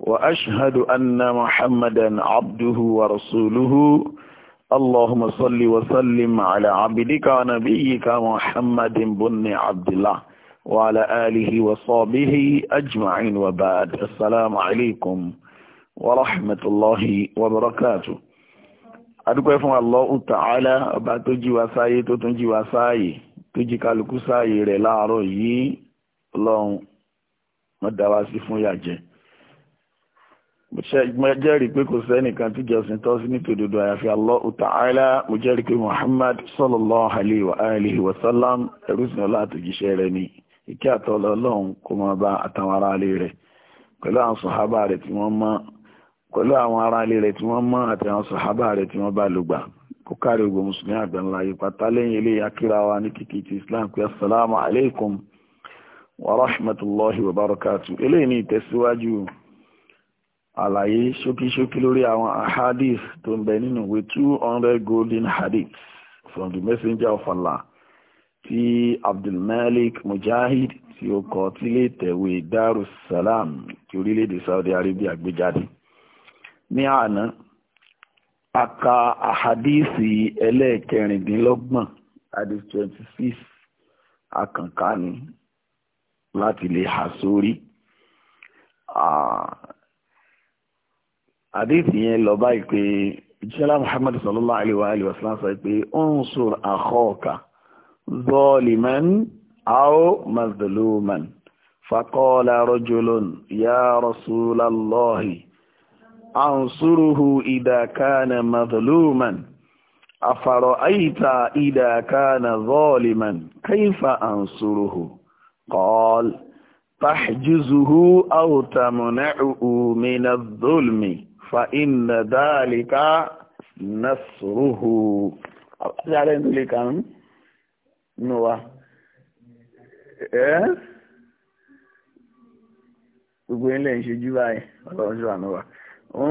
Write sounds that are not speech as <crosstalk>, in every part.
وأشهد أن محمدا عبده ورسوله اللهم صل وسلم على عبدك ونبيك محمد بن عبد الله وعلى آله وصحبه أجمعين وبعد السلام عليكم ورحمة الله وبركاته adúpẹ́ fún Allahu Ta'ala ọba tó jí wa sáyé tó tún jí wa sáyé tó jí kálukú sáyé rẹ̀ láàárọ̀ yìí ọlọ́run mọ́dáwá sí fún yàjẹ́ mo jẹ́rìí pé kò sẹ́nìkan tí jọ́sìn tọ́ sí nítòdodo àyàfi Allahu Ta'ala mo jẹ́rìí pé Muhammad sallallahu alayhi wa alihi wa sallam ẹrú sìn ọlá àtòjíṣẹ́ rẹ̀ ni ìkẹ́ àtọ́lọ́ ọlọ́run kó máa bá àtàwọn ará ilé rẹ̀ pẹ̀lú àwọn ará ilé rẹ̀ tí wọ́n mọ́ àti àwọn sọ̀hábà rẹ̀ tí wọ́n bá lùgbà kó kárí ogun mùsùlùmí àgbàńlá yìí pátá lẹ́yìn ilé ìtẹ̀síwájú àlàyé ṣókíṣókí lórí àwọn hadith tó ń bẹ nínú ìwé two hundred golden hadith from the messenger of Allah ti Abdulmalik Mujahid tí ó kọ tílé tẹ̀wé Darussalam ti orílẹ̀-èdè Saudi Arabia gbé jáde ní àná a ka àhadíìsì ẹlẹ́ẹ̀kẹrìndínlọ́gbọ̀n hadith twenty six akànká ni láti lè hà sórí ah, àdéhìsì yẹn lọ báyìí pé ìṣẹ́lá muhammad sallallahu alayhi wa alayhi wa sallam sọ pé unsur akhaka zaliman aw mazluman faqala rajulun ya rasulallahi ansuruhu idha kana mazluman afara'aita idha kana zaliman kayfa ansuruhu qala tahjizuhu aw tamna'uhu min adh fa inna dhalika nasruhu àbájá rẹ̀ ń lè kàn nù wa ẹ́ gbogbo ilẹ̀ ń ṣojú báyìí ọlọ́run ṣe wà nù wa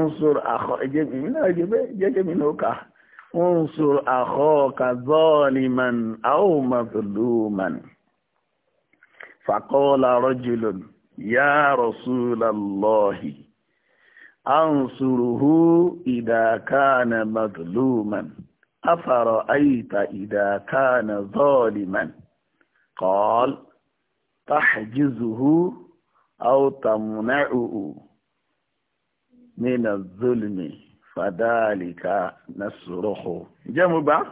ń sọ̀rọ̀ àkọ́ mi náà ẹ̀jẹ̀ bẹ́ẹ̀ jẹ́jẹ́ mi náà aw mazluman faqala rajulun ya rasulallahi. أنصره إذا كان مظلوما أفرأيت إذا كان ظالما قال تحجزه أو تمنعه من الظلم فذلك نصره جمبا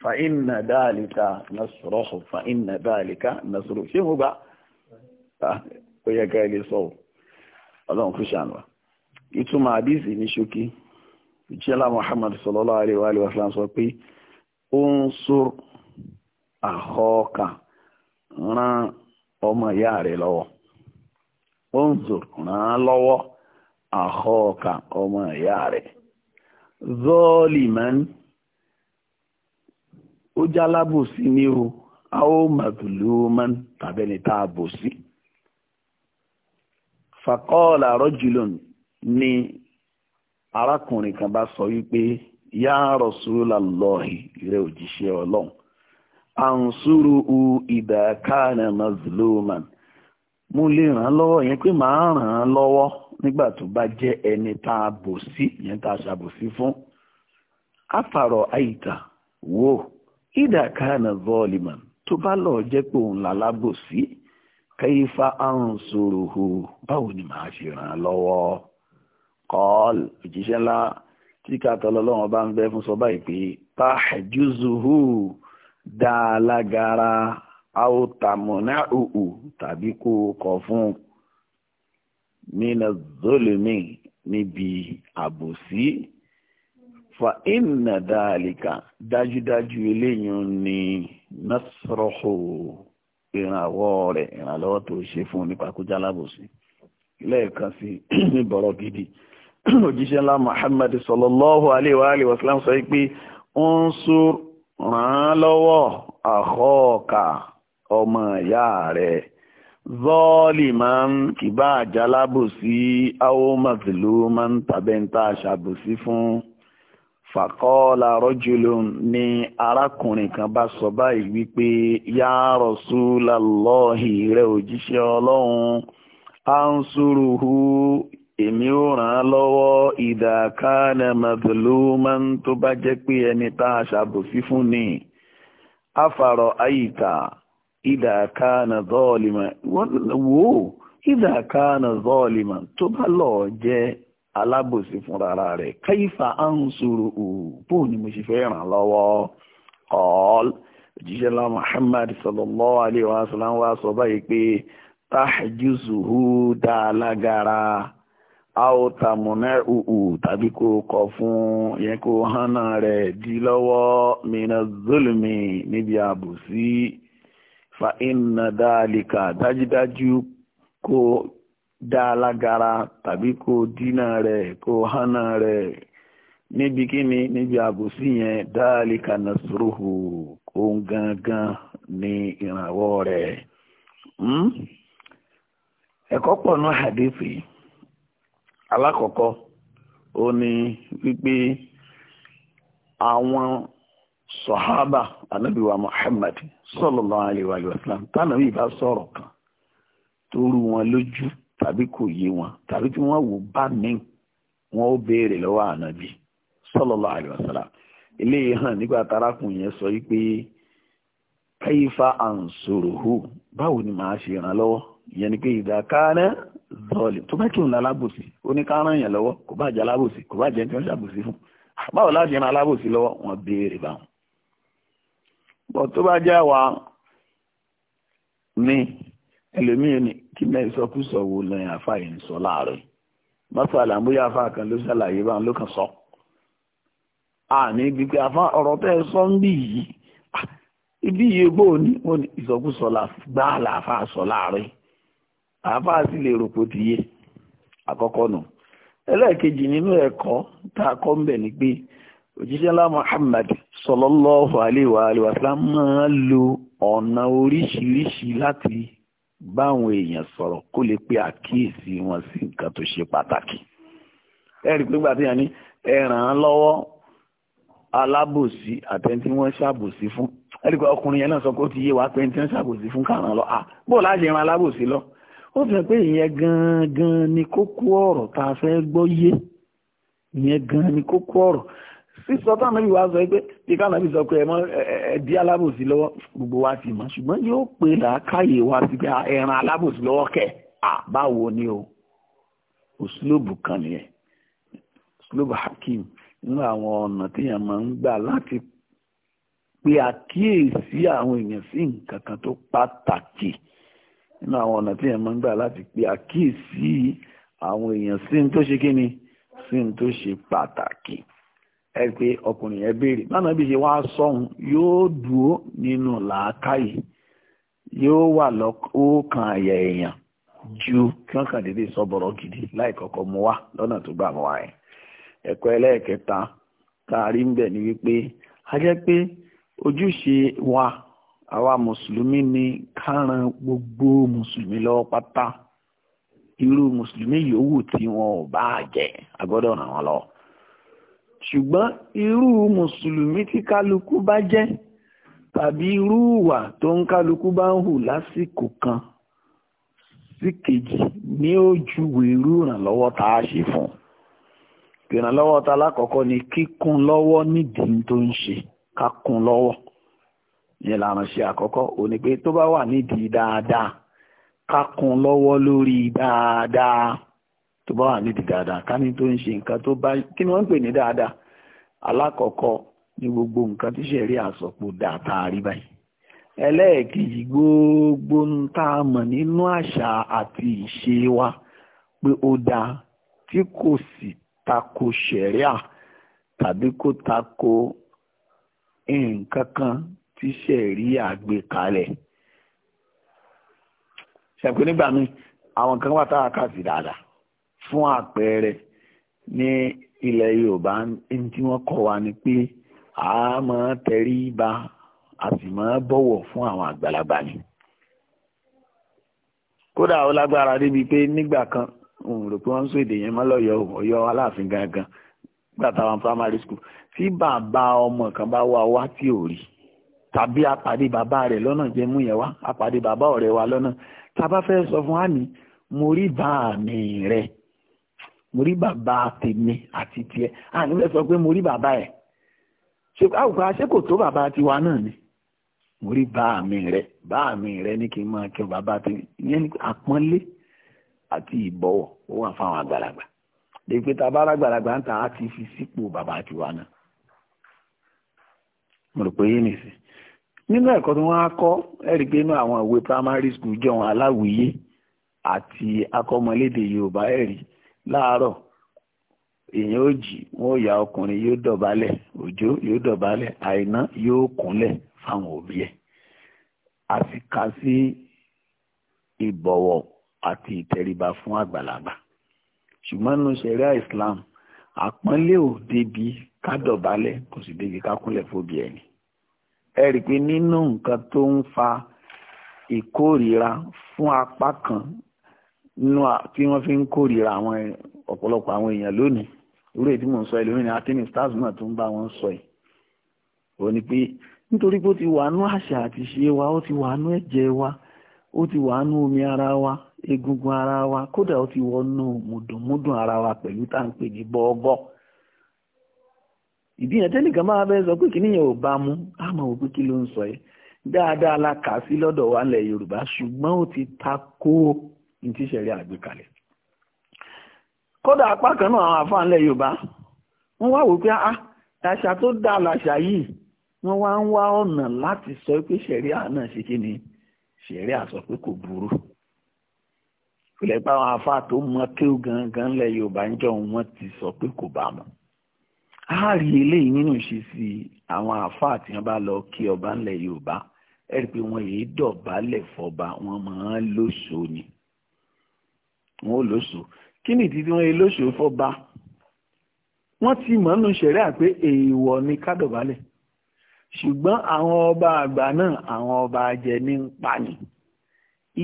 فإن ذلك نصره فإن ذلك نصره جمبا آه، ويقال صوت اللهم خشان ìtumọ̀ àdìsí ní ṣókí ìṣẹ́lá muhammad sallallahu alaihi wa alihi wa sallam sọ pé unsur akhaka ràn ọmọ ìyá rẹ̀ lọ́wọ́ unsur ràn lọ́wọ́ akhaka ọmọ ìyá rẹ̀ zoliman ó jálábòsí ní o a ó mazluman tàbẹ́ni tá a bòsí ni arákùnrin kan bá sọ wípé yá Rasulullahi rẹ òjíṣẹ́ ọlọ́run àǹsúrù u ìdàkánà mazluman mo lè ràn án lọ́wọ́ yẹn pé màá ràn án lọ́wọ́ nígbà tó bá jẹ́ ẹni tá a bò sí yẹn tá a wo tó bá lọ jẹ́ pé òun báwo ni màá ṣe ràn án kọ́ọ̀lù òjíṣẹ́ ńlá tí kàtọ́ lọ́lọ́wọ́n bá ń bẹ́ fún sọ báyìí pé tahjuzuhu dáa lágara aw tamuna uhu tàbí kó o kọ fún mina zolimi níbi àbòsí fa inna dalika dájúdájú eléyìí ni nasroho ìrànwọ́ rẹ̀ ìrànlọ́wọ́ tó ṣe fún nípa kó jálábòsí lẹ́ẹ̀kan sí <clears throat> ní bọ̀rọ̀ gidi. <clears throat> òjíṣẹ́ ńlá Muhammad sallallahu alaihi wa alihi wasallam sọ pé unsur ràn án lọ́wọ́ àkọ́ọ̀kà ọmọ ìyá rẹ̀ zọ́ọ̀lìmán kìbá àjálábòsí áwòmàtìlúmán tàbẹ́ntà ṣàbòsí fún fàkọ́ọ̀lá rọ́jùlù ni arákùnrin kan bá sọ báyìí wípé yá Rasulallahi rẹ̀ òjíṣẹ́ ọlọ́run ansúrùhù èmi ó ràn án lọ́wọ́ ìdàkánà mazluman tó bá jẹ́ pé ẹni tá a ṣàbòsí fún ni afàrọ̀ àyíká ìdàkánà zọ́ọ̀lìmọ̀ wò ó ìdàkánà zọ́ọ̀lìmọ̀ tó bá lọ́ọ́ jẹ́ alábòsí fún rárá rẹ̀ káyífà á ń sòrò òòpó ni mo ṣe fẹ́ ràn lọ́wọ́ ọ̀ọ́l òjíṣẹ́ lá Muhammad sallallahu alaihi wasallam wá sọ báyìí pé táàjù zuhu dáa lágara. a ó tàmùnẹ́ ùhù tàbí kó kọ fún yẹn kó hánà rẹ̀ di lọ́wọ́ mìíràn zulmi níbi àbòsí fa iná dáàlìkà dájúdájú kó dá alágara tàbí kó dínà rẹ̀ kó hánà rẹ̀ níbi kíni níbi daalika yẹn dáàlìkà nàṣúrùhù kó n'i ní ìrànwọ́ rẹ̀ hmm? ẹ̀kọ́ pọ̀ hadithi alákọ̀ọ́kọ́ o ni wípé àwọn sọ̀hábà anábìwá Muhammad sallallahu alaihi wa sallam tánàbí ìbá sọ̀rọ̀ kan tó rú wọn lójú tàbí kò yé wọn tàbí tí wọ́n wò bá mi wọn ó béèrè lọ́wọ́ ànábì sallallahu alaihi wa sallam eléyìí hàn nígbà tarakùn yẹn sọ wípé kayfa ansuruhu báwo ni màá ṣe ràn lọwọ. ìyẹn ni pé ìdàkárẹ́ zọ́ọ̀lì tó bá kí òun lálábòsí ó ní kárán yẹn lọ́wọ́ kò bá jẹ́ alábòsí kò bá jẹ́ tí wọ́n ṣàbòsí fún báwo láti ran alábòsí lọ́wọ́ wọn béèrè báwọn. bọ́ tó bá jẹ́ àwa ní ẹlòmíì ni kí náà ìsọkúsọ wo lẹ́yìn àfa yìí ń sọ láàárọ̀ yìí mọ́sálà ń bóyá àfa kan ló ṣàlàyé báwọn ló kàn sọ. a ibi pé àfa ọ̀rọ̀ tẹ́ ẹ sọ ń bì yìí ibi yìí gbóòní wọn ìsọkúsọ gbáà làáfà sọ láàárọ̀ àáfàá sì lè ròpò ti yé àkọ́kọ́ nù ẹlẹ́ẹ̀kejì nínú ẹ̀kọ́ tá a kọ́ ń bẹ̀ ni pé òjíṣẹ́ ńlá Muhammad sallallahu alaihi wa alihi wasallam máa ń lo ọ̀nà oríṣiríṣi láti báwọn èèyàn sọ̀rọ̀ kó lè pe àkíyèsí wọn sí nǹkan tó ṣe pàtàkì ẹ̀rí pé gbàtí yẹn ni ẹ lọ́wọ́ alábòsí àtẹni wọ́n ṣàbòsí fún ẹ̀rí pé ọkùnrin yẹn náà sọ pé ó ti yé wa pé ẹni tí wọ́n ṣàbòsí fún kàràn lọ à ó fi hàn pé ìyẹn gangan ni kókó ọ̀rọ̀ tá a fẹ́ gbọ́ yé ìyẹn gangan ni kókó ọ̀rọ̀ sísọ táwọn ẹbí wa sọ pé kíkà sọ pé ẹmọ ẹdí alábòsí lọwọ gbogbo wa ti mọ̀ ṣùgbọ́n yóò pe làákàyè wa sí pé ẹran alábòsí lọ́wọ́ a àbáwo ni o òṣìlóòbù kan nìyẹn òṣìlóòbù hakim nínú àwọn ọ̀nà téèyàn máa ń pe àkíyèsí àwọn èèyàn sí nǹkan kan tó nínú àwọn ọ̀nà tí èèyàn máa ń gbà láti si àkíyèsí àwọn èèyàn sí ní tó ṣe kí ni sí ní tó ṣe pàtàkì ẹ pé ọkùnrin yẹn béèrè báwọn bí ṣe wá sọhun yóò dúró nínú làákàyè yóò wà lọ́kàn àyà èèyàn ju kí wọ́n kàn déédéé sọ bọ̀rọ̀ gidi láì kọ́kọ́ mú wá lọ́nà tó gbà mọ́ wa ẹ̀kọ́ ẹlẹ́ẹ̀kẹta a rí ń bẹ̀ ni wípé a jẹ́ pé ojúṣe wa àwa mùsùlùmí ni káràn gbogbo mùsùlùmí lọ pátá irú mùsùlùmí yòówù tí wọn ò bá jẹ agbọ́dọ̀ ràn wọ́n lọ ṣùgbọ́n irú mùsùlùmí tí kálukú bá je tàbí irú ìwà tó ń kálukú bá ń hù lásìkò kan sí kejì ní ó juwèé irú ìrànlọ́wọ́ tá a ṣe fún ìrànlọ́wọ́ ta lákọ̀ọ́kọ́ ni kíkún lọ́wọ́ nídìí tó ń ṣe yẹn lànà ṣe àkọ́kọ́ ò ní pé tó bá wà nídìí dáadáa ká kún lọ́wọ́ lórí dáadáa tó bá wà nídìí dáadáa ká ní tó ń ṣe nǹkan tó bá kí ni wọ́n ń pè ní dáadáa alákọ̀ọ́kọ́ ní gbogbo nǹkan tí ṣẹ̀rí àsọ̀pọ̀ dàtà rí báyìí ẹlẹ́ẹ̀kejì gbogbo ń tá a mọ̀ nínú àṣà àti ìṣe wa pé ó dáa tí kò sì tako ṣẹ̀ríà tàbí kò tako nǹkan kan tí ṣẹ̀ríà gbé kalẹ̀ ṣẹ̀pẹ́ nígbà míì àwọn kan wà táwa kà sí dáadáa fún àpẹẹrẹ ní ilẹ̀ Yorùbá ní tí wọ́n kọ́ wa ni pé a máa tẹrí ba a sì máa bọ̀wọ̀ fún àwọn àgbàlagbà ni kódà ó lágbára débi pé nígbà kan òun rò pé wọ́n ń sọ èdè yẹn mọ́ Ọ̀yọ́ Aláàfin gangan gbàtàwọn primary school tí bàbá ọmọ kan bá wá wá tí ò rí tàbí apàdé bàbá rẹ̀ lọ́nà jẹmú yẹn wá apàdé bàbá ọ̀rẹ́ wa lọ́nà tá a bá fẹ́ sọ fún àní mo rí bàá mi rẹ̀ mo rí bàbá tèmi àti tiẹ̀ àní fẹ́ sọ pé mo rí bàbá ẹ̀ ṣe àwùkọ aṣẹ́ kò tó bàbá tiwa náà ni mo rí bàá mi rẹ̀ bàá mi rẹ̀ ní kí n máa kí bàbá tèmi ìyẹn ní àpọ́nlé àti ìbọ̀wọ̀ ó wà fáwọn àgbàlagbà èpè tá a bá lágbàlagbà ń ta á ti fi sípò bàbá tiwa náà mo rò pé yé nìsín nínú ẹ̀kọ́ tí wọ́n á kọ́ ẹ̀rí pé inú àwọn ìwé primary school jọ̀hún aláwìyé àti akọ́mọlédè yorùbá ẹ̀rí láàárọ̀ èèyàn ó jí wọn ó ya ọkùnrin yóò dọ̀bálẹ̀ òjó yóò dọ̀bálẹ̀ àìná yóò kúnlẹ̀ fáwọn òbí ẹ̀ a sì kà sí ìbọ̀wọ̀ àti ìtẹríba fún àgbàlagbà ṣùgbọ́n nínú ṣẹ̀ríà islam àpọ́nlé ò débi ká dọ̀bálẹ̀ kò sì débi ká kúnlẹ̀ fóbi ẹni ẹ rí nkan pé nínú nǹkan tó ń fa ìkórìíra fún apá kan nínú tí fi ń kórìíra àwọn ọ̀pọ̀lọpọ̀ àwọn èèyàn lónìí irú èdè mò ń sọ ẹlòmíràn akínní stars náà tó ń bá wọn sọ yìí ò ní pé nítorí pé ó ti wà nú àṣà àti ṣe wa ó ti wà nú ẹ̀jẹ̀ wa ó ti wà nú omi ara wa egungun ara wa kódà ó ti wọnú mudumudun ara wa pẹ̀lú tá à ń pè ní ìdí yẹn tẹ́lẹ̀ kan máa fẹ́ sọ pé kìíní yẹn ò bá mú á mọ̀ wò pé kí ló ń sọ yẹn dáadáa la kà sí lọ́dọ̀ wa lẹ̀ yorùbá ṣùgbọ́n ó ti ta kó ní tíṣẹ̀rí àgbékalẹ̀ kódà apá kan náà àwọn àfáà ńlẹ̀ yorùbá wọ́n wá wò pé ah àṣà tó dáa làṣà yìí wọ́n wá ń wá ọ̀nà láti sọ pé ṣẹ̀ríà náà ṣe kí ni ṣẹ̀ríà sọ pé kò burú ìpìlẹ̀ pé àwọn àfáà tó mọ kéwù gangan ńlẹ̀ yorùbá ń jọ wọn ti sọ pé kò bá mọ́ a rí eléyìí nínú ìṣesí àwọn àáfàá tí wọ́n bá lọ kí ọba ńlẹ̀ yorùbá ẹ rí i pé wọ́n yìí dọ̀bálẹ̀ fọba wọ́n máa ń lóṣò ni wọ́n ò lóṣò kí ni ìdí tí wọ́n yẹ lóṣò fọba wọ́n ti mọ̀ nínú ṣẹ̀ríà pé èèwọ̀ ni ká ṣùgbọ́n àwọn ọba àgbà náà àwọn ọba ajẹ ní ń pa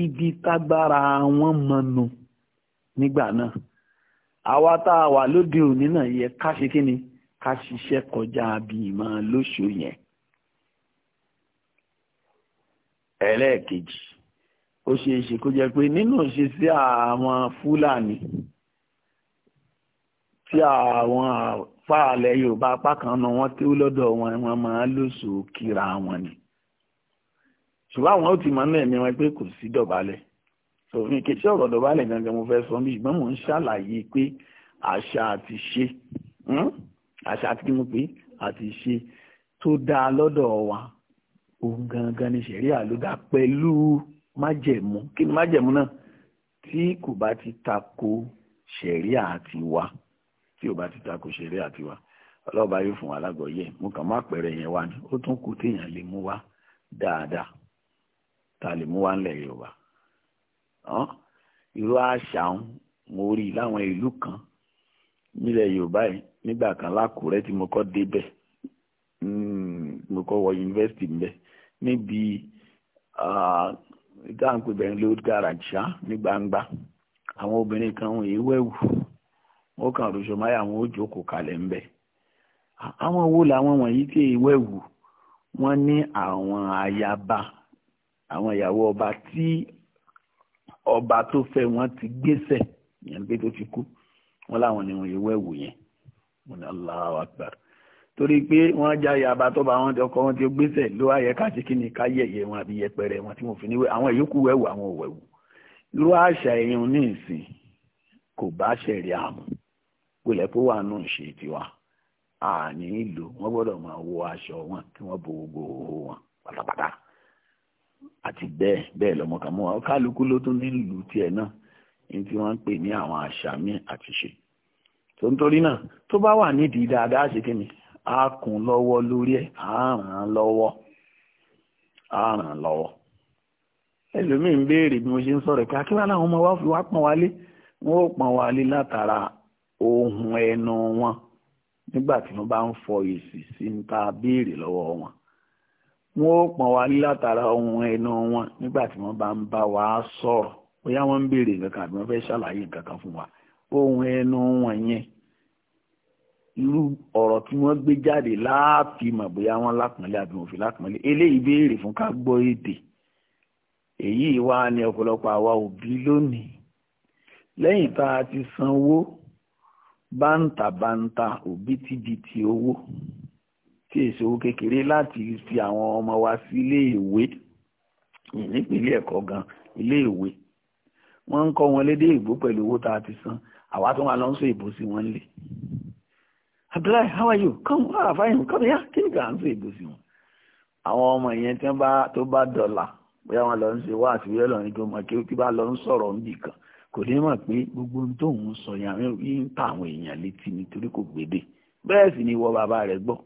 ibi tágbára wọn mọnu nígbà náà àwa tá a wà lóde òní náà yẹ ká ṣe kí ni. Kini, ká ṣiṣẹ́ kọjá bí ìmọ̀ lóṣù yẹn. ẹlẹ́ẹ̀kejì ó ṣeé ṣe kó jẹ́ pé nínú ìṣesí àwọn fúlàní tí àwọn fáàlẹ̀ yorùbá apá kan náà wọ́n tí lọ́dọ̀ wọn wọn máa lóṣù kíra wọn ni ṣùgbọ́n àwọn ó ti mọ̀ náà ní wọn pé kò sí dọ̀bálẹ̀ sòfin kejì ọ̀rọ̀ dọ̀bálẹ̀ gangan mo fẹ́ sọ bí ṣùgbọ́n mò ń ṣàlàyé pé àṣà àti ṣe. Hmm? àṣà tí mo pè àti ìṣe tó dáa lọ́dọ̀ wa òun gangan ni ṣẹ̀ríà ló dá pẹ̀lú májẹ̀mú kí ni májẹ̀mú náà tí kò bá ti tako ṣẹ̀ríà àti wa tí ò bá ti tako ṣẹ̀ríà àti wa ọlọ́ọ̀bá yóò fún wa lágbọ̀ọ́yé mo kàn má pẹ̀rẹ̀ yẹn wá ni ó tún kù téèyàn lè mú wá dáadáa ta lè mú wá ńlẹ̀ Yorùbá irú àṣà mo rí láwọn ìlú kan nílẹ̀ Yorùbá yìí nígbà kan lákùrẹ́ tí mo kọ́ débẹ̀ hmm, mo kọ́ wọ yunifásitì mbẹ níbi ìdáhùnpé bẹ̀rẹ̀ ló dára jà ní gbangba àwọn obìnrin kan wọn èé wẹ̀wù wọn kàn rúṣọ máyà wọn ó jókòó kalẹ̀ mbẹ àwọn wo làwọn wọ̀nyí tí èé wẹ̀wù wọ́n ní àwọn ayaba àwọn ìyàwó ọba tí ọba tó fẹ́ wọn ti gbéṣẹ̀ ìyẹn pé tó ti kú wọn láwọn ni wọn èé wẹ̀wù yẹn mo ní Allahu Akbar torí pé wọ́n já yaba tó bá wọn ọkọ̀ wọn ti gbèsè ló wáyé káṣí kí ni káyẹ̀yẹ wọn àbí yẹpẹrẹ wọn tí mo fi níwẹ̀ àwọn ìyókù wẹ̀wù àwọn òwẹ̀wù ló àṣà ẹ̀yìn ní ìsìn kò bá ṣẹ̀rí àmú pẹ̀lẹ́ pé wà nù ṣe tiwa àní ìlú wọn gbọ́dọ̀ máa wọ aṣọ wọn kí wọ́n bo gbogbo owó wọn pátápátá àti bẹ́ẹ̀ bẹ́ẹ̀ lọ́mọkàmọ́ kálukú ló tún nílùú tiẹ̀ náà ní tí wọ́n ń pè ní àwọn àṣà míì àtiṣe tó ń torí náà tó bá wà nídìí dáadáa ṣe kí ni m kún lọ́wọ́ lórí ẹ̀ á ràn lọ́wọ́ ràn lọ́wọ́ ṣe ń sọ̀rọ̀ pé akíwá ọmọ wa fi wá pọ̀n wálé ohun ẹnu wọn nígbà tí wọ́n bá ń fọ èsì sí ń ta béèrè lọ́wọ́ wọn ohun ẹnu wọn nígbà tí wọ́n bá ń bá wa sọ̀rọ̀ bóyá wọ́n ń béèrè nǹkan kan àbí wọ́n fẹ́ ṣàlàyé nǹkan kan fún ohun ẹnu wọn yẹn irú ọ̀rọ̀ tí wọ́n gbé jáde láàfin mọ̀ bóyá wọ́n lápọ̀nlé àbí wọ́n fi lápọ̀nlé eléyìí béèrè fún ká gbọ́ èdè èyí wá ní ọ̀pọ̀lọpọ̀ àwa òbí lónìí lẹ́yìn tá a ti sanwó bántabanta òbítíbitì owó tí èso kékeré láti fi àwọn ọmọ wa sí ilé ìwé ẹ̀kọ́ gan ilé wọ́n ń kọ́ wọn lédè ìgbó pẹ̀lú owó tá a ti san àwa tó wà lọ ń sọ ìbò sí wọn lè Abdullahi how are you come ah fine come here kí ni kà ń sọ ìbò sí wọn àwọn ọmọ yẹn tí wọn bá tó bá dọ́là bóyá wọn lọ ń ṣe wá àti wíwẹ́ lọ́rin tó mọ̀ kí ó ti bá lọ ń sọ̀rọ̀ ń bì kan kò ní mọ̀ pé gbogbo ohun tó ń sọ yẹn àwọn yìí ń ta àwọn èèyàn létí nítorí kò gbédè bẹ́ẹ̀ sì ni wọ bàbá rẹ̀ gbọ́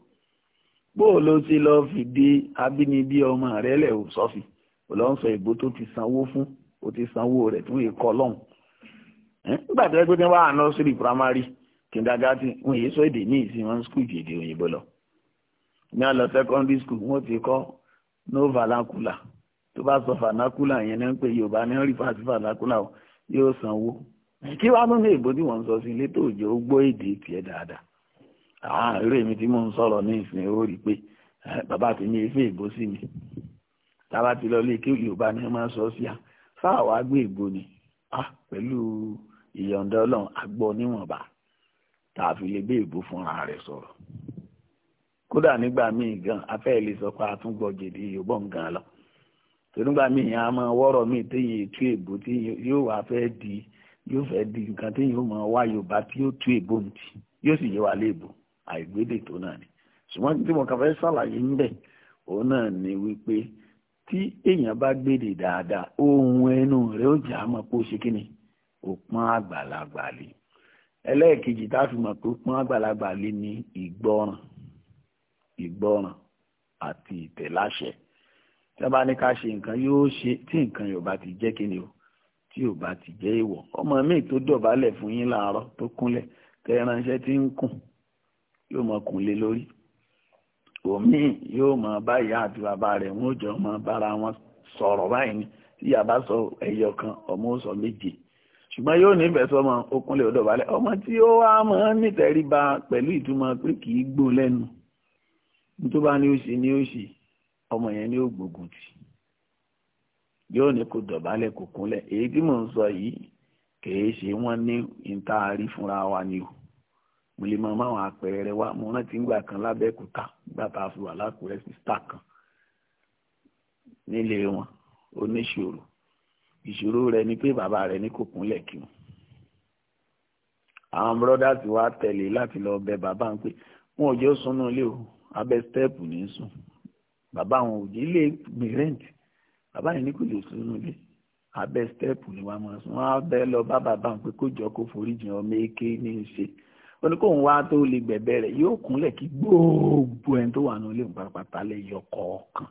bó o ló ti lọ fìdí abínibí ọmọ rẹ̀ lẹ̀ ò sọ́fì ò lọ́ ń sọ ìbò tó ti sanwó fún ó ti sanwó rẹ̀ tún èkó lọ́hùn nígbà tó yẹ pé wọ́n wà nọ́sírì primary kindergarten wọ́n yìí sọ èdè míì sí wọn skul jèdè òyìnbó lọ ní àlọ́ secondary school wọ́n ti kọ́ no vernacular tó bá sọ vernacular yẹn náà ń pè yorùbá ní rí fàtí vernacular yóò sanwó kí wàá nínú èbó tí wọ́n ń sọ sí ilé tó jẹ́ ó gbọ́ èdè tiẹ̀ dáadáa àwọn eré mi tí mò ń sọ̀rọ̀ ní ìsìn ó rí i pé bàbá ti ní efe èbó sí mi tábà ti lọ lé kí yorùbá ní máa sọ sí a fáà wàá gbé èbó ni pẹ̀lú ìyọ̀ǹda ọlọ́run agbọ́ níwọ̀nba tá a fi lè gbé ìbú fúnra rẹ̀ sọ̀rọ̀ kódà nígbà míì gan afẹ́ lè sọ pé a tún gbọ́ jèdè yòbọ̀ gan lọ tónígbà míì yẹn a máa wọ́rọ̀ míì téyìn ètú èbó tí yóò wá fẹ́ di yóò fẹ́ di nǹkan téyìn ó máa wá yorùbá tí yóò tú èbó ntì yóò sì yé wa léèbó àìgbédè tó náà ni ṣùgbọ́n tí mo kàn fẹ́ ṣàlàyé ń bẹ̀ òun náà ni wípé tí èèyàn bá gbédè dáadáa ohun ẹnu rẹ̀ ó jà á mọ̀ pé ó ṣe kí ni òpọ́n àgbàlagbà lé ẹlẹ́ẹ̀kejì tá a fi mọ̀ pé òpọ́n àgbàlagbà lé ní ìgbọ́ràn ìgbọ́ràn àti ìtẹ̀láṣẹ tí wọ́n bá ní ká ṣe nǹkan yóò ṣe tí nǹkan yóò bá ti jẹ́ kíni o tí ò bá ti jẹ́ ìwọ̀ ọmọ mi tó dọ̀bálẹ̀ fún yín láàárọ̀ tó kúnlẹ̀ tẹ́ránṣẹ́ tí ń kùn yóò mọ kúnlé lórí òmí yóò mọ báyìí àti bàbá rẹ̀ wọn ò jọ mọ bára wọn sọ̀rọ̀ báyìí ni tí yàrá bá sọ ẹyọ kan ọmọ ó sọ méje ṣùgbọ́n yóò nífẹ̀ẹ́ sọmọ okúnlẹ̀ òdọ̀bálẹ̀ ọmọ tí ó wá mọ́ nítẹríba pẹ̀lú ìtumọ̀ pé kì í gbó lẹ́nu tó bá ní ó ṣe ní ó ṣe ọmọ yẹn ní ó gbógun tì yóò ní kó dọ̀bálẹ̀ kó kúnlẹ̀ èyí tí mò ń sọ yìí kìí ṣe wọ́n ní ìtaari fúnra wa ni o mo lè mọ máwọn àpẹẹrẹ wa mo rántí ńgbà kan lábẹ́kúta nígbà tá a fi wà lákùrẹ́ sí star kan nílé wọn oníṣòro ìṣòro rẹ̀ ni pé bàbá rẹ̀ ní kò kúnlẹ̀ kí wọn àwọn brothers wa tẹ̀lé láti lọ bẹ bàbá ń pé wọn ò jẹ́ súnú ilé o abẹ́ stẹ́ẹ̀pù ní sùn bàbá àwọn ò jí lè gbé rẹ́ǹtì bàbá yìí ní kò lè súnú ilé abẹ́ stẹ́ẹ̀pù ni wàá máa sùn wọn á bẹ́ lọ bá bàbá ń pé kó jọ kó forí jìn ọmọ èké ní í ṣe ó ní kóun wá tó lè gbẹ̀bẹ̀ rẹ̀ yóò kúnlẹ̀ kí gbogbo ẹni tó wà nínú ilé òun pátápátá lẹ́yọ kọ̀ọ̀kan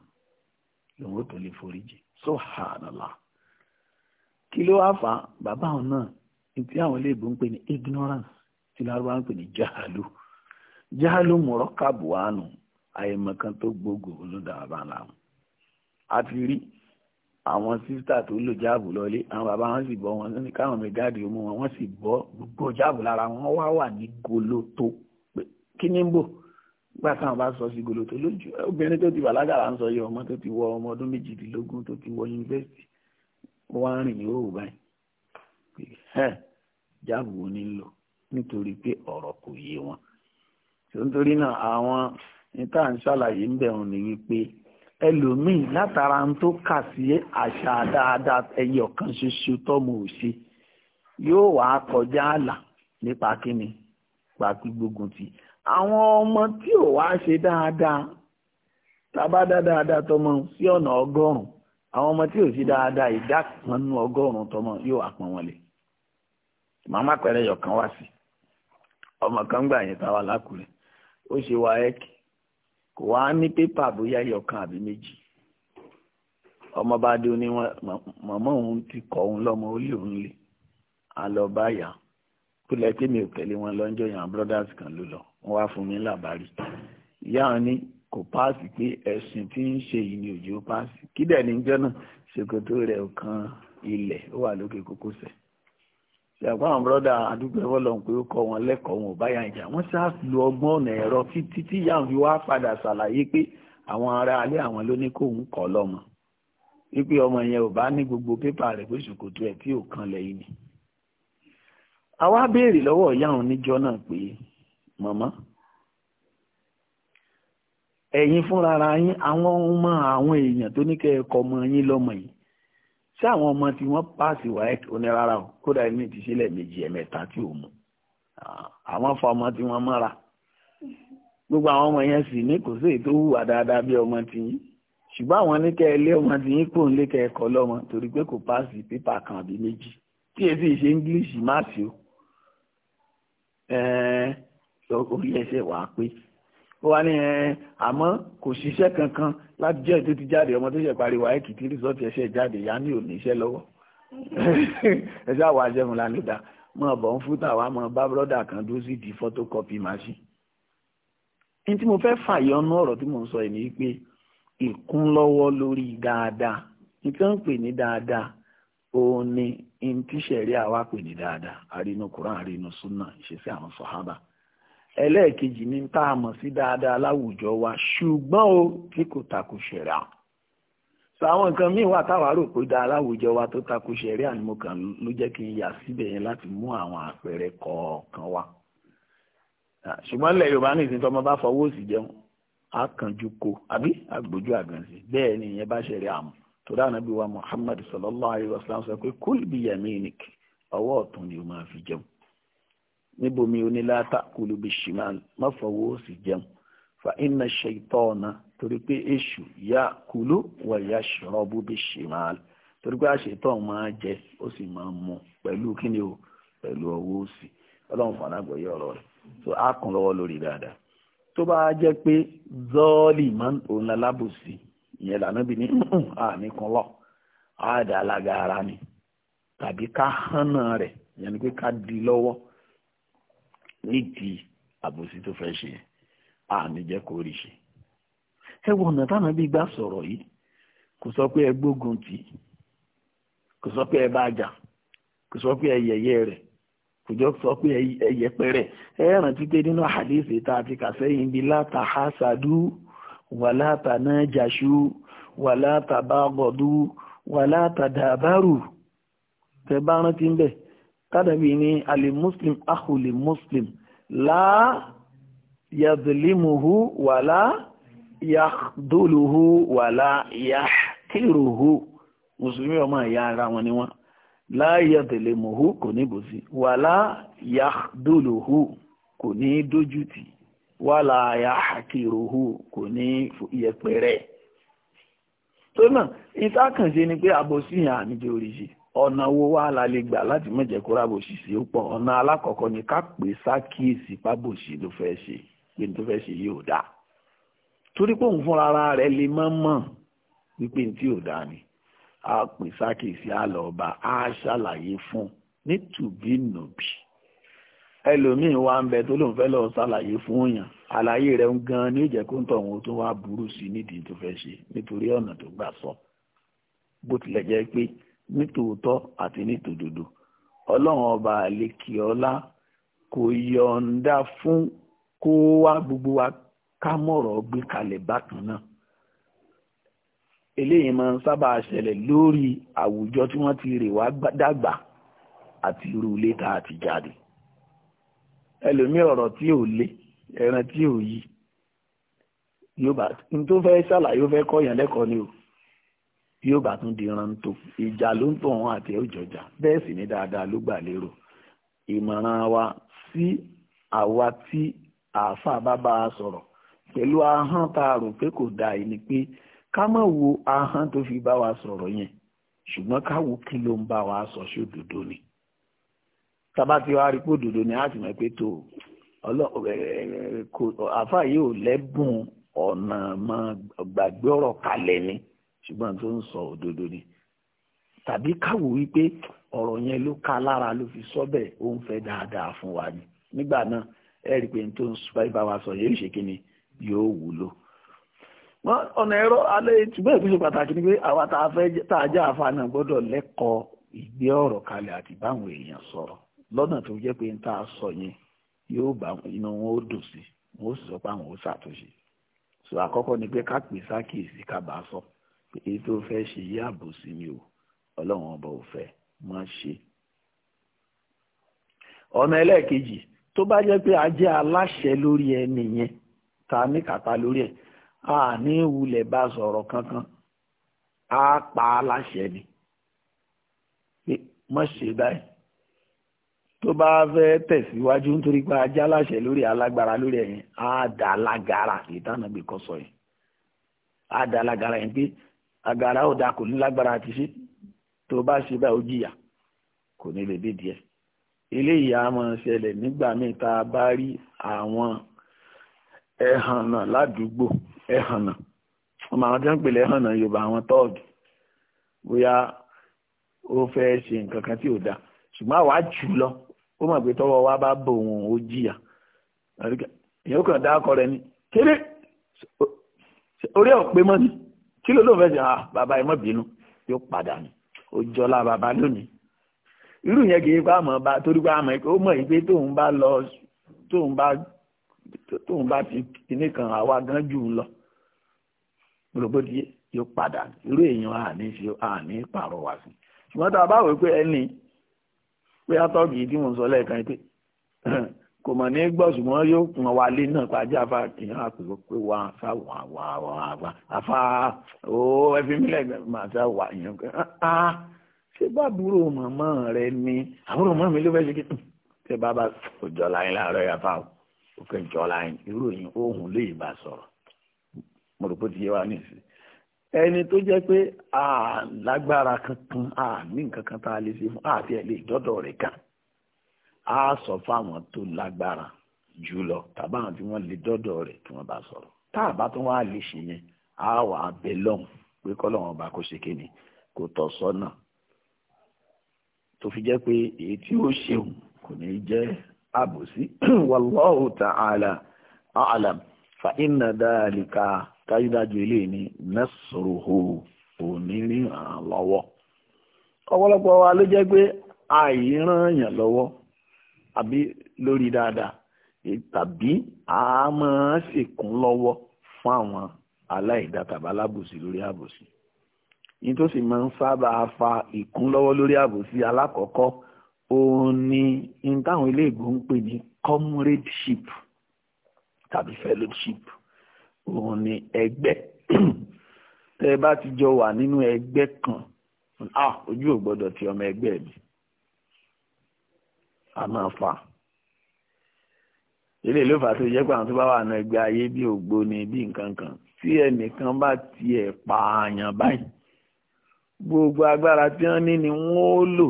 lòun ó tó lè forí jìn subhanallah. So, kí ló wá fà á bàbá àwọn náà tí àwọn iléèbó ń pè ní ignorance tí lárúbá ń pè ní jahalu jahalu mọ̀rọ́kàbù wánu àyèmọ̀kan tó gbogbo ló dá bàbá làwọn àti rí àwọn sísítà tó lò jáàbù lọlé àwọn bàbá wọn sì bọ́ wọn ní káwọn mẹgáàdì ọmọ wọn wọn sì bọ́ gbogbo jáàbù lára wọn wá wà ní golo tó pé kí ni ń bò gbà táwọn bá sọ sí golo tó lójú obìnrin tó ti bàlágà là ń sọ yìí ọmọ tó ti wọ ọmọ ọdún méjìdínlógún tó ti wọ yunifásitì ó wá rìn ní òwò báyìí ẹ jáàbù wo ni ń lò nítorí pé ọ̀rọ̀ kò yé wọn nítorí náà àwọn níta ń ṣàlàyé ń bẹ̀rùn ní wípé ẹlòmíì látara ń tó kà sí àṣà dáadáa ẹyọ kan ṣoṣo tọ́mọ ò ṣe yóò wá kọjá ààlà nípa kíni pa gbígbógun ti àwọn ọmọ tí ò wá ṣe dáadáa tá bá dá dáadáa tọmọ sí ọ̀nà ọgọ́rùn-ún àwọn ọmọ tí ò sí dáadáa ìdá kan nínú ọgọ́rùn-ún tọmọ yóò àpọ̀n wọn lè màmá pẹ̀rẹ̀ yọ̀ kan wá sí ọmọ kan gbà yẹn táwa lákùrẹ́ ó ṣe wa ẹ́kì kò wá ní pépà bóyá yọ̀ àbí méjì ọmọ bá dé oní wọn òun ti kọ̀ òun lọ́mọ ó lé òun lé alọ́báyà kúlẹ̀ pé mi ò tẹ̀lé wọn lọ́jọ́ yàn brothers kan ló lọ wọ́n wá fún mi lábàárí ìyá wọn ní kò páàsì pé ẹ̀sìn tí ń ṣe yìí ni òjò páàsì kí dẹ̀ ní jọ́nà ṣòkòtò rẹ̀ ò kan ilẹ̀ ó wà lókè kókósẹ̀ ṣàpá àwọn bọ́dà àdúgbò ẹ̀fọ́lọ́ pé ó kọ́ wọn lẹ́kọ̀ọ́ wọn ò bá yàn ìjà wọ́n ṣáà lu ọgbọ́n ọ̀nà ẹ̀rọ títí tí yàn fi wá padà ṣàlàyé pé àwọn ará alé àwọn ló ní kó ń kọ́ lọ́mọ wípé ọmọ yẹn ò bá ní gbogbo pépà rẹ̀ pé ṣòkòtò ẹ̀ tí ò kan lẹ́yìn ni. àwa béèrè lọ́wọ́ ìyá òun náà pé màmá ẹ̀yin fúnra yín àwọn ọmọ àwọn èèyàn tó ní kẹ́ẹ̀kọ́ ọmọ yín lọ́mọ yìí ṣé àwọn ọmọ tí wọ́n pàṣẹ wáyẹ̀kì onírara o kódà ẹni tí sílẹ̀ méjì ẹ̀mẹ́ta tí ò mú àwọn fa ọmọ tí wọ́n mọ́ra gbogbo àwọn ọmọ yẹn sì ní kò sí èyí tó hùwà dáadáa bí ọmọ tí yín ṣùgbọ́n àwọn ní kẹ́ ẹ lé ọmọ tí yín kò ń lé kẹ́ẹ̀kọ́ lọ́mọ torí pé kò pàṣẹ pépà kan àbí méjì tí èsì ìṣe English máàsì o ẹ̀ẹ́ orí ẹsẹ̀ wàá pé ó wá ní ẹn àmọ́ kò ṣiṣẹ́ kankan láti jẹ́ ètò ti jáde ọmọ tó ṣe pariwo àìkì tí rìsọ́ọ̀tì ẹ̀ṣẹ̀ jáde ìyá ní òní iṣẹ́ lọ́wọ́ ẹ̀ṣẹ̀ àwọn ajẹ́mu la níta mọ̀ ń fúta wa mọ̀ bá bọ́dà kan dúró sí di photocopy machine. ní tí mo fẹ́ fàyọnú ọ̀rọ̀ tí mo ń sọ yìí ni pé ìkúnlọ́wọ́ lórí dáadáa ní tí wọ́n ń pè ní dáadáa òun ni ní tíṣẹ̀rí àwa pè ní dáadáa àrínú Kùránì àrínú súnà ìṣesí àwọn sàhábà ẹlẹ́ẹ̀kejì ní tá a mọ̀ sí dáadáa láwùjọ wa ṣùgbọ́n o tí kò takò ṣẹ̀rà so àwọn nǹkan míì wà táwa rò pé dáa láwùjọ wa tó takò ṣẹ̀rà ni mo kàn ló jẹ́ kí n yà síbẹ̀ yẹn láti mú àwọn àpẹẹrẹ kọ̀ọ̀kan wa ṣùgbọ́n ilẹ̀ yorùbá ní ìsìn tọ́mọ bá fọwọ́ òsì jẹun á kànjú ko àbí àgbójú àgànsì bẹ́ẹ̀ ni ìyẹn bá ṣẹlẹ̀ àmọ́ tó dáa nàbí wa muhammad sallallahu alayhi wa sallam sọ pé kúl biyaminik ọwọ́ ọ̀tún ni o máa fi jẹun níbomi oníláta kulu bishimal má fọwọ́ òsì jẹun fa inna ṣaitọ́ọ̀nà torí pé èṣù ya kulu wà ya ṣọ́ọ́bù bishimal torí pé àṣetọ́ máa jẹ ó sì máa mu pẹ̀lú kíni o pẹ̀lú ọwọ́ òsì ọlọ́run fún alágbọ̀yé ọ̀rọ̀ rẹ̀ so á kún lọ́wọ́ lórí dáadáa tó bá jẹ́ pé zọ́ọ̀lì máa ń òun lalábòsí ìyẹn lànà bí ní àní kan lọ àdàlágara ni tàbí ká hánà rẹ̀ ìyẹn ni pé ká di lọ́wọ́ nídìí àbòsí tó fẹ́ ṣe àmì jẹ́ kó rí ṣe ẹ wo ọ̀nà táwọn bí gbà sọ̀rọ̀ yìí kò sọ pé ẹ gbógun tì í kò sọ pé ẹ bá jà kò sọ pé ẹ yẹ̀yẹ́ rẹ̀ kò jọ sọ pé ẹ yẹpẹrẹ ẹ rántí pé nínú àdéhìsì tá a ti kà sẹ́yìn bíi láta hasadu wàláta náà jàṣu wàláta bá gọdú wàláta dàbárù tẹ bá rántí ń bẹ tádàbí ní alẹ́ muslim ahùlẹ̀ muslim láà yàdùlímùhù wàlá yàdùlùhù wàlá yàkìrùhù mùsùlùmí ọmọ ìyá ara wọn ni wọn láyàdùlímùhù kò ní bòsí wàlá yàdùlùhù kò ní dójútì wàlá yàkìrùhù kò ní yẹpẹrẹ tó náà ìtàkànṣe ni pé àbòsí yàn àníjẹ oríṣìí ọ̀nà wo wá la lè gbà láti mọ̀jẹ̀ kó rábòsì sí ó pọ̀ ọ̀nà alákọ̀ọ́kọ́ ni ká pè sákìyèsí pábòsì ló fẹ́ ṣe pé ní tó fẹ́ ṣe yóò dáa torí pé òun fúnra ara rẹ̀ lè mọ́ mọ̀ wípé ní tí ò dáa ni a pè sákìyèsí àlọ́ọ̀bá a ṣàlàyé fún nítùbí nùbí ẹlòmíín wá ń bẹ tó lóun fẹ́ lọ́ọ́ ṣàlàyé fún èèyàn àlàyé rẹ̀ gan ni ó jẹ́ kó ń tọ̀ wọn tó wá burú sí nídìí tó fẹ́ ṣe nítorí ọ̀nà tó gbà sọ bó tilẹ̀ jẹ́ pé nítòótọ́ àti nítòdodo ọlọ́run ọba àlekè ọlá kò yọ̀ǹda fún kó wá gbogbo wa ká mọ̀rọ̀ gbé kalẹ̀ bákan náà eléyìí máa ń sábà ṣẹlẹ̀ lórí àwùjọ tí wọ́n ti rè wá dàgbà àti irú ilé tá a ti jáde ẹlòmíì ọ̀rọ̀ tí ò le ẹran tí ò yí yóò bá ní tó fẹ́ ṣàlàyé ó fẹ́ kọ́ yàn lẹ́kọ̀ọ́ ni o. yóò bá tún di rántó ìjà ló ń tọ̀ wọn àti òjọjà bẹ́ẹ̀ sì ni dáadáa ló gbà lérò ìmọ̀ràn wa sí àwa tí àáfà bá bá a sọ̀rọ̀ pẹ̀lú ahọ́n tá a kò dáa yìí ni pé ká tó fi bá wa sọ̀rọ̀ yẹn ṣùgbọ́n ká wo kí ló sọ sí òdodo ni tábà tí wàá ni a ti mọ̀ pé tó àáfà yìí ò lẹ́bùn ọ̀nà gbàgbé ọ̀rọ̀ ṣùgbọ́n tó ń sọ òdodo ni tàbí káwò wípé ọ̀rọ̀ yẹn ló ká lára ló fi sọ ó ń fẹ́ dáadáa fún wa ni nígbà náà ẹ rí i pé tó ń bá wa sọ yẹn ṣe kí ni yóò wúlò ọ̀nà ẹ̀rọ alẹ́ ìtúbẹ̀ ìpínṣe pàtàkì ni pé àwa tá a fẹ́ tá a já àfa náà gbọ́dọ̀ lẹ́kọ̀ọ́ ìgbé ọ̀rọ̀ kalẹ̀ àti báwọn èèyàn sọ̀rọ̀ lọ́nà tó jẹ́ pé tá a sọ yẹn yóò bá inú wọn ó dùn sí wọn ó sì sọ pé àwọn ó ṣàtúnṣe sọ àkọ́kọ́ ni pé ká pè sákìyèsí ká bá a sọ èyí tó fẹ́ ṣe yí àbòsí ni o ọlọ́run ọba ò fẹ́ má ṣe. ọ̀nà ẹlẹ́ẹ̀kejì tó bá jẹ́ pé a jẹ́ aláṣẹ lórí ẹni yẹn ta ní kàtà lórí ẹ̀ a ní wulẹ̀ bá sọ̀rọ̀ kankan a pa á láṣẹ ni má ṣe báyìí tó bá fẹ́ tẹ̀síwájú nítorí pé a jẹ́ aláṣẹ lórí alágbára lórí ẹ̀yìn á dà lágara ìtànà gbé kọ́ sọ yìí á dà lágara yìí pé Agara ọ̀dà kò ní lágbára àti ṣe tó bá ṣe báyìí ó jìyà kò ní lè dé díẹ̀ eléyìí á máa ṣẹlẹ̀ nígbà míì tá a bá rí àwọn ẹ̀hànà ládùúgbò ẹ̀hànà ọmọ àwọn tí wọ́n ń pèlè ẹ̀hànà yorùbá àwọn tọ́ọ̀gì bóyá ó fẹ́ ṣe nǹkan kan tí ò dáa ṣùgbọ́n àwa jù lọ ó mọ̀ pé tọ́wọ́ wa bá bò wọ́n ó jìyà èèyàn kàn dá ọkọ rẹ̀ ní kéré orí ọ̀pẹ mọ́ ni kí ló ló ń fẹ́ sẹ́ ah bàbá ẹ má bínú yóò padà ní ó jọlá bàbá lónìí irú yẹn kì í pa àmọ́ bá torí pé àmọ́ ó mọ̀ pé tóun bá lọ tóun bá tóun bá fi kíní kan àwa gan jù ń lọ gbòdògbòdì yóò padà irú èèyàn àní ṣe àní pààrọ̀ wá sí ṣùgbọ́n tá a bá wò pé ẹni pé atọ́gì tí mò sọ lẹ́ẹ̀kan pé kò mọ̀ ní gbọ̀sùmọ́ yóò kùn wá lé náà pàjẹ́ afá kìyàn àpèrò pé wà á fà wà wà wà wà afá ó ẹbí mílẹ̀ máa fà wà yẹn kẹ́ ah, ah ṣé bàbúrò màmá rẹ ni àbúrò màmá mi ló fẹ́ ṣe kí ṣé bàbá ò jọlá yín láàárọ̀ yà fà ó kẹ́ jọlá yín irú yín òun lè bá sọ̀rọ̀ mo rò pé ti yé wa nìsí ẹni tó jẹ́ pé àlágbára kankan àmì nǹkan kan tá a lè ṣe fún àti ẹ̀ lè dọ́dọ̀ rẹ̀ kan. a sọ fáwọn tó lágbára jùlọ tàbí àwọn tí wọn lè dọ́dọ̀ rẹ̀ tí wọ́n bá sọrọ tá a bá tún wá lè ṣe yẹn á wà á bẹ lọ́hùn pé kọ́lọ́hún ọba kò ṣe kéne kò tọ sọ́nà tó fi jẹ́ pé èyí tí ó ṣeun kò ní jẹ àbòsí <clears throat> wallahu ta'ala a'lam fa inna dhalika dájúdájú ilé ní nasruhu òní ríran lọ́wọ́ ọ̀pọ̀lọpọ̀ wa ló jẹ́ pé àìrán lọ́wọ́ àbí lórí dáadáa tàbí a máa ṣèkún lọ́wọ́ fún àwọn aláìdá tàbí alábòsí lórí àbòsí yìí tó sì máa ń sábà fa ìkúnlọ́wọ́ lórí àbòsí alákọ̀ọ́kọ́ òun ni n táwọn iléègbò ń pè ní comradeship tàbí fellowship òun ni ẹgbẹ́ tẹ́ ẹ bá ti jọ wà nínú ẹgbẹ́ kan ah ojú ò gbọ́dọ̀ ti ọmọ ẹgbẹ́ mi a fa, fà ilé ló fà tó jẹ́ pé àwọn tó bá wà ní ẹgbẹ́ ayé bí ògbóni bí nǹkan kan tí ẹnìkan bá tiẹ̀ pààyàn báyìí gbogbo agbára tí wọ́n ní ni wọ́n ó lò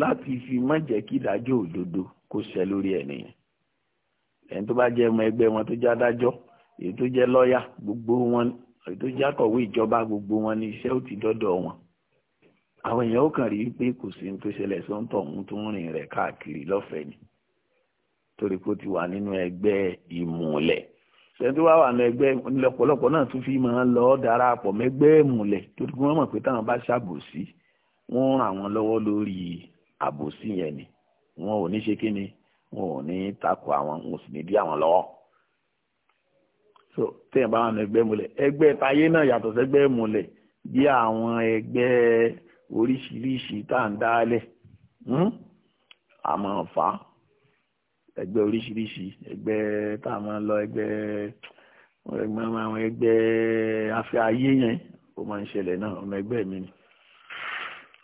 láti fi má jẹ́ kí ìdájọ́ òdodo kó ṣẹ lórí ẹnìyẹn ẹni tó bá jẹ́ ọmọ ẹgbẹ́ wọn tó jẹ́ adájọ́ èyí tó jẹ́ lọ́ọ̀yà gbogbo wọn èyí tó jẹ́ akọ̀wé ìjọba gbogbo wọn ni iṣẹ́ ó ti dọ́dọ̀ wọn àwọn èèyàn ó kàn rí pé kò sí ní tó ṣẹlẹ̀ sọ́ńtọ̀ ń tó ń rìn rẹ̀ káàkiri lọ́fẹ̀ẹ́ ni torí pé ó ti wà nínú ẹgbẹ́ ìmùlẹ̀ sẹ́ńtì wá wà ní ẹgbẹ́ lọ́pọ̀lọpọ̀ náà tún fi máa lọ darapọ̀ mẹ́gbẹ́ ìmùlẹ̀ torí pé wọ́n mọ̀ pé táwọn bá ṣàbòsí wọ́n ràn wọ́n lọ́wọ́ lórí àbòsí yẹn ni wọn ò ní ṣe kí ni wọn ò ní takò àwọn wọn sì ní dí àwọn lọ́wọ́ so téèyàn bá wà ní ẹgbẹ́ ìmùlẹ̀ ẹgbẹ́ táyé náà yàtọ̀ sẹ́gbẹ́ ìmùlẹ̀ bí àwọn ẹgbẹ́ oríṣiríṣi tá à ń dálẹ̀ hmm? a máa fà á ẹgbẹ́ oríṣiríṣi ẹgbẹ́ tá a máa lọ ẹgbẹ́ ẹgbẹ́ àwọn ẹgbẹ́ afẹ́ ayé yẹn ó máa ń ṣẹlẹ̀ náà ọmọ ẹgbẹ́ mi ni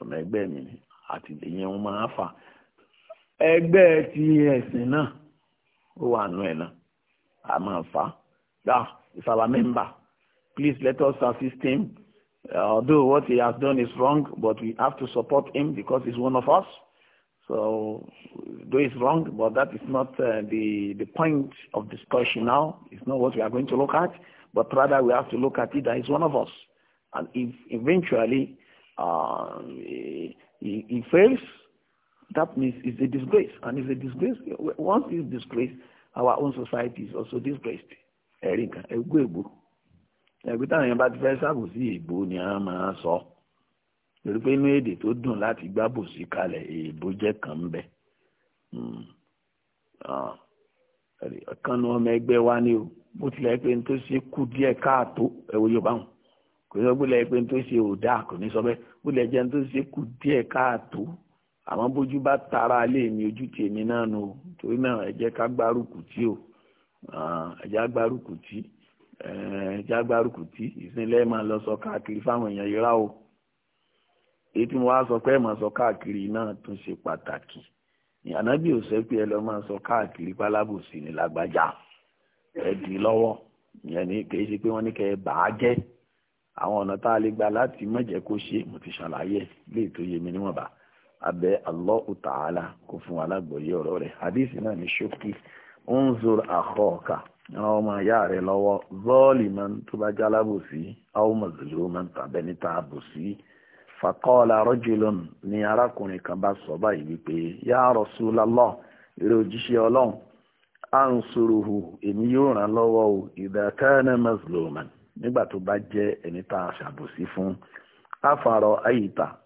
ọmọ ẹgbẹ́ mi ni àtìlẹ́yìn wọn máa fà ẹgbẹ́ ti ẹ̀sìn náà ó wà nù ẹ̀ náà a máa fà á gbà if our member please let us assist him Uh, although what he has done is wrong, but we have to support him because he's one of us. So, though it's wrong, but that is not uh, the, the point of discussion now. It's not what we are going to look at, but rather we have to look at it that he's one of us. And if eventually uh, he, he fails, that means it's a disgrace. And it's a disgrace. Once it's disgraced, our own society is also disgraced. Erika, Egwebu. ẹgbẹ́ táwọn èèyàn bá ti fẹ́ ṣàbòsí èèbó ni a máa sọ torí pé inú èdè tó dùn láti gbábòsí kalẹ̀ èèbó jẹ́ kan ń bẹ hmm. ah. kanu ọmọ ẹgbẹ́ wa ni o bó tilẹ̀ pé n tó ṣe kú díẹ̀ káàtó ẹ̀wọ̀ yorùbá wọn kò sọ bó lẹ̀ pé n tó ṣe òdà kò ní sọ bẹ́ẹ̀ bó lẹ̀ jẹ́ n tó ṣe kú díẹ̀ káàtó àmọ́ bójú bá tara lé mi ojú tèmi náà nu torí náà ẹ ká gbárùkù tí o ah, ẹ jẹ́ gbárùkù tí Eh, jágbárùkù tí ìsinlẹ̀ máa lọ sọ káàkiri fáwọn èèyàn yìí rá o èyí tí mo wá sọ pé ẹ̀ máa sọ káàkiri náà tún ṣe pàtàkì ànábì ò sẹ́ pé ẹ lọ máa sọ káàkiri pálábòsì ní lágbájá ẹ dì í lọ́wọ́ ìyẹn ní kì í ṣe pé wọ́n ní kẹ́ ẹ bà á àwọn ọ̀nà tá a lè gba láti má jẹ́ kó ṣe mo ti ṣàlàyé léè tó yé mi níwọ̀nba abẹ́ Allahu Ta'ala kó fún wa lágbòye ọ̀rọ̀ rẹ̀ hadith náà ní ṣókí unzur akhaka àwọn ọmọ ìyá rẹ̀ lọ́wọ́ zọ́ọ̀lì man tó bá jálábò sí àwọn sí fàkọ́ọ̀lá ni arákùnrin kan bá sọ báyìí wípé yá Rasulullah eré òjíṣẹ́ ọlọ́run à ń sòròhù èmi yóò ràn lọ́wọ́ o nígbà tó bá jẹ́ ẹni fún àyíta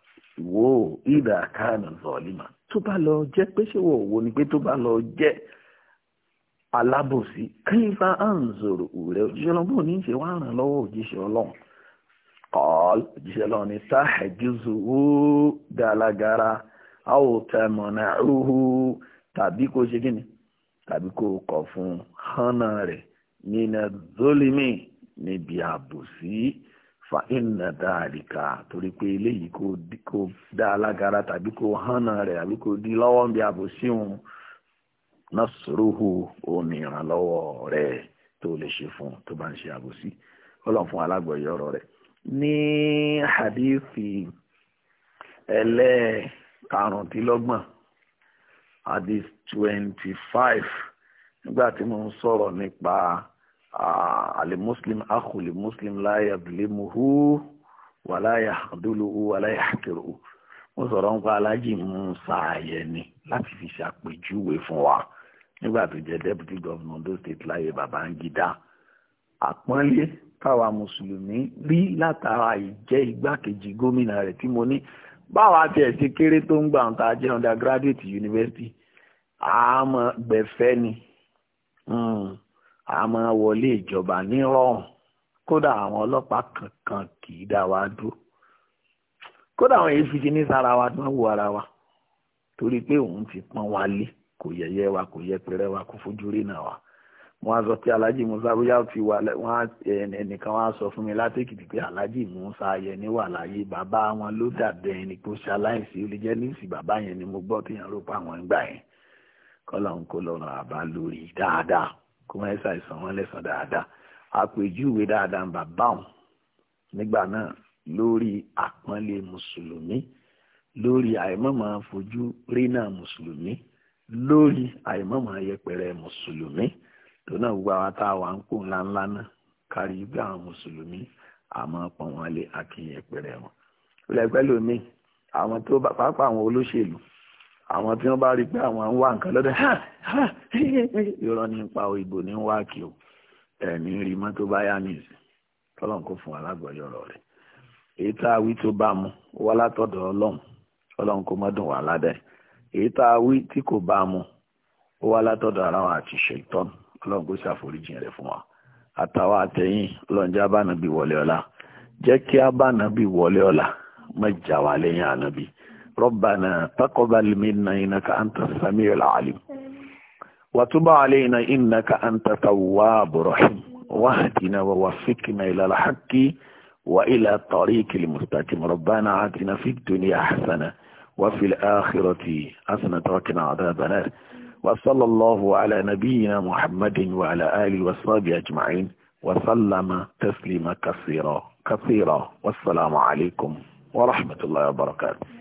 alábòsí kífa anzoro rẹ̀ òjíṣẹ́ ọlọ́run bò ní ṣe wá ràn lọ́wọ́ òjíṣẹ́ ọlọ́run kọ́ọ̀lù òjíṣẹ́ ọlọ́run ní sáhẹ̀júzù ó galagara a ò tẹ̀mọ̀nà rúhu tàbí kó ṣe kí ni tàbí kó kọ̀ fún hánà rẹ̀ nínú zolimi níbi àbòsí fa iná dáàríkà torí pé eléyìí kò dá alágara tàbí kò hánà rẹ̀ tàbí kò di lọ́wọ́ níbi àbòsí òun nasruhu òní ìrànlọ́wọ́ rẹ̀ tó lè ṣe fún tó bá ń ṣe àbòsí ọlọ́run fún alágbọ̀yọ̀ ọ̀rọ̀ rẹ̀ ní hadithi ẹlẹ́ẹ̀karùndínlọ́gbọ̀n hadith twenty five nígbà tí mo ń sọ̀rọ̀ nípa alimuslim akuli muslim láyà bilimuhu wàláyà dúlùú wàláyà kìrù mo sọ̀rọ̀ nípa alájì musa ayẹni láti fi ṣàpèjúwe fún wa nígbà tó jẹ́ deputy governor Ondo state láyé Babangida àpọ́nlé táwa mùsùlùmí rí látara ìjẹ́ igbákejì gómìnà rẹ̀ tí mo ní báwa tiẹ̀ sí kéré tó ń gbà ń ta jẹ́ undergraduate university àmọ́ gbẹ̀fẹ́ ni àmọ́ hmm, wọlé ìjọba nírọ̀rùn kódà àwọn ọlọ́pàá kankan kì í dá wa dúró kódà àwọn èyí fi kíní sára wa tí wo ara wa torí pé òun ti pọ́n wa lé kò yẹ̀yẹ́ wa kò yẹpẹrẹ wa kò fojú rí náà wa wọ́n á sọ pé alhaji musa bóyá ó ti wà wọ́n ẹnìkan wọ́n á sọ fún mi láti èkìtì pé alhaji musa ayẹni wà láàyè bàbá wọn ló dàbẹ ẹni pé ó ṣe aláìsí ó lè jẹ níìsì bàbá yẹn ni mo gbọ́ tí yẹn rò pa àwọn ìgbà yẹn kọlọ ń kó lọrọ àbá lórí dáadáa kó wọn ẹsà ìsàn wọn lẹsàn dáadáa àpèjúwe dáadáa ń bàbá wọn nígbà náà lórí àpọ́nlé mùsùlùmí lórí àìmọ̀mọ́ fojú rí náà mùsùlùmí lórí àìmọ̀mọ̀ ayẹpẹrẹ mùsùlùmí tó náà gbogbo àwọn tá a wà ń kó ńlá ńlá náà kárí gbé àwọn mùsùlùmí àmọ́ pọ̀n wọn lé akínyẹpẹrẹ wọn. ìlẹ̀pẹ́ lómi àwọn tó bá pàápàá àwọn olóṣèlú àwọn tí wọ́n bá rí pé àwọn ń wá nǹkan lọ́dọ̀ irọ́ nípa ìbò ní wá kí o ẹ̀mí rí mọ́ bá yá nìyí tọ́lọ́n kò fún wa ọ̀rọ̀ rẹ̀ èyí tá a wí tó bá mu wọ́n látọ̀dọ̀ ọlọ́run ọlọ́run kò mọ́ dùn wá èyí tá a wí tí kò bá mu ó wá látọ̀dọ̀ ara wọn àti ṣètọ́n ọlọ́run kó ṣàforíjì rẹ̀ fún wa àtàwa àtẹ̀yìn ọlọ́run jẹ́ abánabi wọlé ọ̀la jẹ́ kí abánabi wọlé ọ̀la mẹ́jà wà lẹ́yìn ànábi rọ́bànà taqabbal minna innaka anta samiul alim وتب علينا إنك أنت تواب رحيم واهدنا ووفقنا إلى الحق وإلى الطريق المستقيم ربنا آتنا في الدنيا حسنة وفي الآخرة أثنى تركنا عذاب نار وصلى الله على نبينا محمد وعلى آله وصحبه أجمعين وسلم تسليما كثيرا كثيرا والسلام عليكم ورحمة الله وبركاته